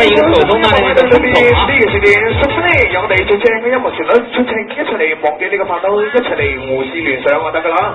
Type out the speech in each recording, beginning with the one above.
呢個時段，呢個時段，熟呢，有我哋最正嘅音樂旋律，出聲，一齊嚟忘記呢個煩惱，一齊嚟胡思亂想就得㗎啦。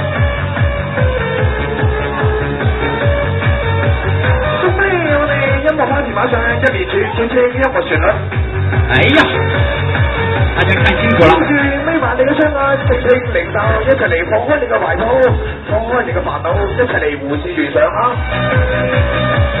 我上一連轉，轉轉一邊轉轉車，一邊旋律。哎呀，大家看清楚了。跟住呢晚，你嘅雙眼，直靜聆聽，一齊嚟放開你嘅懷抱，放開你嘅煩惱，一齊嚟胡思亂想啊！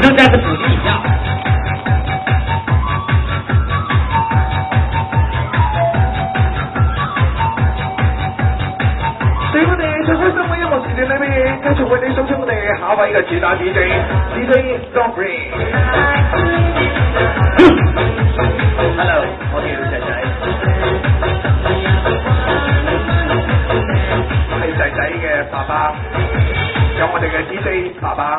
反正在是九級以下。對、嗯嗯嗯、我哋最開心嘅音樂時段裏面，繼續為你送上我哋下一位嘅主打 DJ DJ Don Free。 Hello，我叫仔仔。 我係仔仔嘅爸爸， 有我哋嘅 DJ 爸爸。